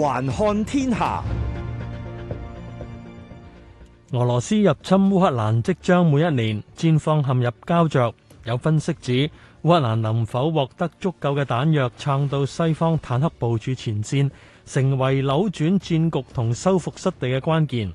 環看天下，俄羅斯入侵烏克蘭即將每一年戰況陷入膠着。有分析指，烏克蘭能否獲得足夠嘅彈藥撐到西方坦克部署前線，成為扭轉戰局同收復失地嘅關鍵。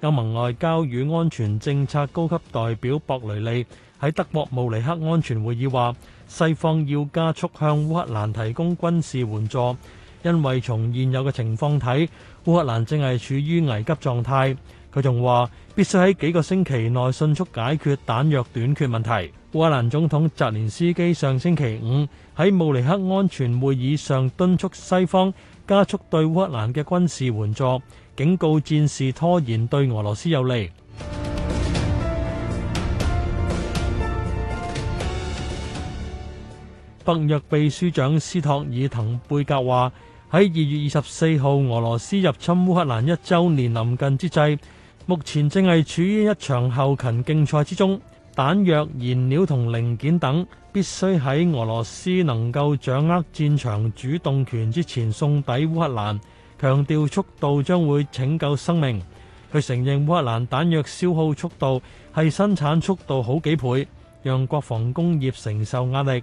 歐盟外交與安全政策高級代表博雷利喺德國慕尼黑安全會議話，西方要加速向烏克蘭提供軍事援助。因為從現有嘅情況睇，烏克蘭正係處於危急狀態。佢仲話必須喺幾個星期內迅速解決彈藥短缺問題。烏克蘭總統澤連斯基上星期五喺慕尼黑安全會議上敦促西方加速對烏克蘭嘅軍事援助，警告戰事拖延對俄羅斯有利。北約秘書長斯托爾滕貝格話。喺二月二十四號俄羅斯入侵烏克蘭一周年臨近之際，目前正係處於一場後勤競賽之中，彈藥、燃料同零件等必須喺俄羅斯能夠掌握戰場主動權之前送抵烏克蘭，強調速度將會拯救生命。佢承認烏克蘭彈藥消耗速度係生產速度好幾倍，讓國防工業承受壓力。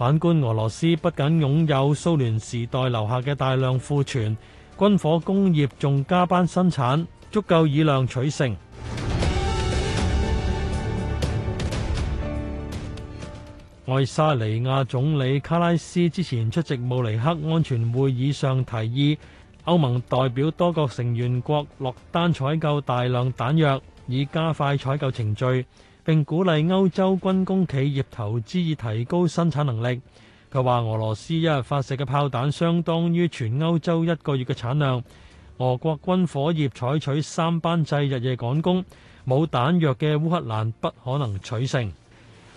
反觀俄羅斯，不僅擁有蘇聯時代留下嘅大量庫存，軍火工業仲加班生產，足夠以量取勝。愛 沙尼亞總理卡拉斯之前出席慕尼黑安全會議上，提議歐盟代表多國成員國落單採購大量彈藥，以加快採購程序。並鼓勵歐洲軍工企業投資，以提高生產能力。佢話俄羅斯一日發射嘅炮彈相當於全歐洲一個月嘅產量。俄國軍火業採取三班制日夜趕工，冇彈藥嘅烏克蘭不可能取勝。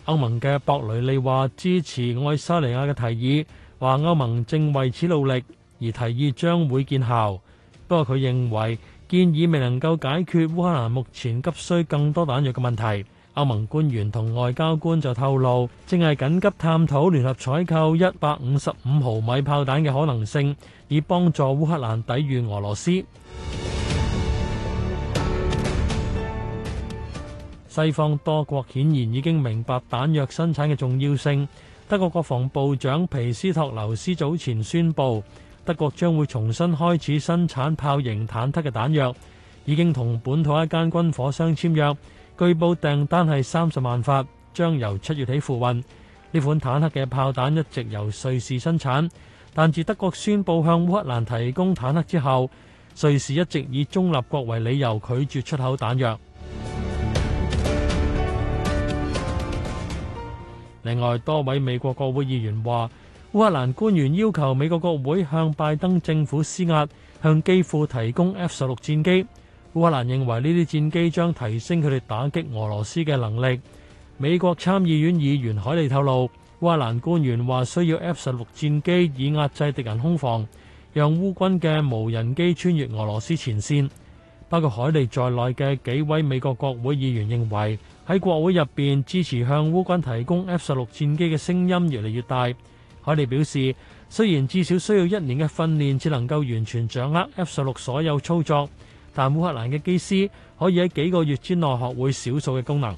歐盟嘅博雷利話支持愛沙尼亞嘅提議，話歐盟正為此努力，而提議將會見效。不過佢認為建議未能夠解決烏克蘭目前急需更多彈藥嘅問題。歐盟官員同外交官就透露，正係緊急探討聯合採購一百五十五毫米炮彈嘅可能性，以幫助烏克蘭抵禦俄羅斯。西方多國顯然已經明白彈藥生產嘅重要性。德國國防部長皮斯托留斯早前宣布，德國將會重新開始生產炮型坦克嘅彈藥，已經同本土一間軍火商簽約。據報訂單係三十萬發，將由七月起付運。呢款坦克嘅炮彈一直由瑞士生產，但自德國宣佈向烏克蘭提供坦克之後，瑞士一直以中立國為理由拒絕出口彈藥。另外，多位美國國會議員話，烏克蘭官員要求美國國會向拜登政府施壓，向基輔提供 F 十六戰機。烏克蘭認為呢啲戰機將提升佢哋打擊俄羅斯嘅能力。美國參議院議員海利透露，烏克蘭官員話需要 F 十六戰機以壓制敵人空防，讓烏軍嘅無人機穿越俄羅斯前綫。包括海利在內嘅幾位美國國會議員認為喺國會入邊支持向烏軍提供 F 十六戰機嘅聲音越嚟越大。海利表示，雖然至少需要一年嘅訓練，至能夠完全掌握 F 十六所有操作。但烏克蘭嘅機師可以喺幾個月之內學會少數嘅功能。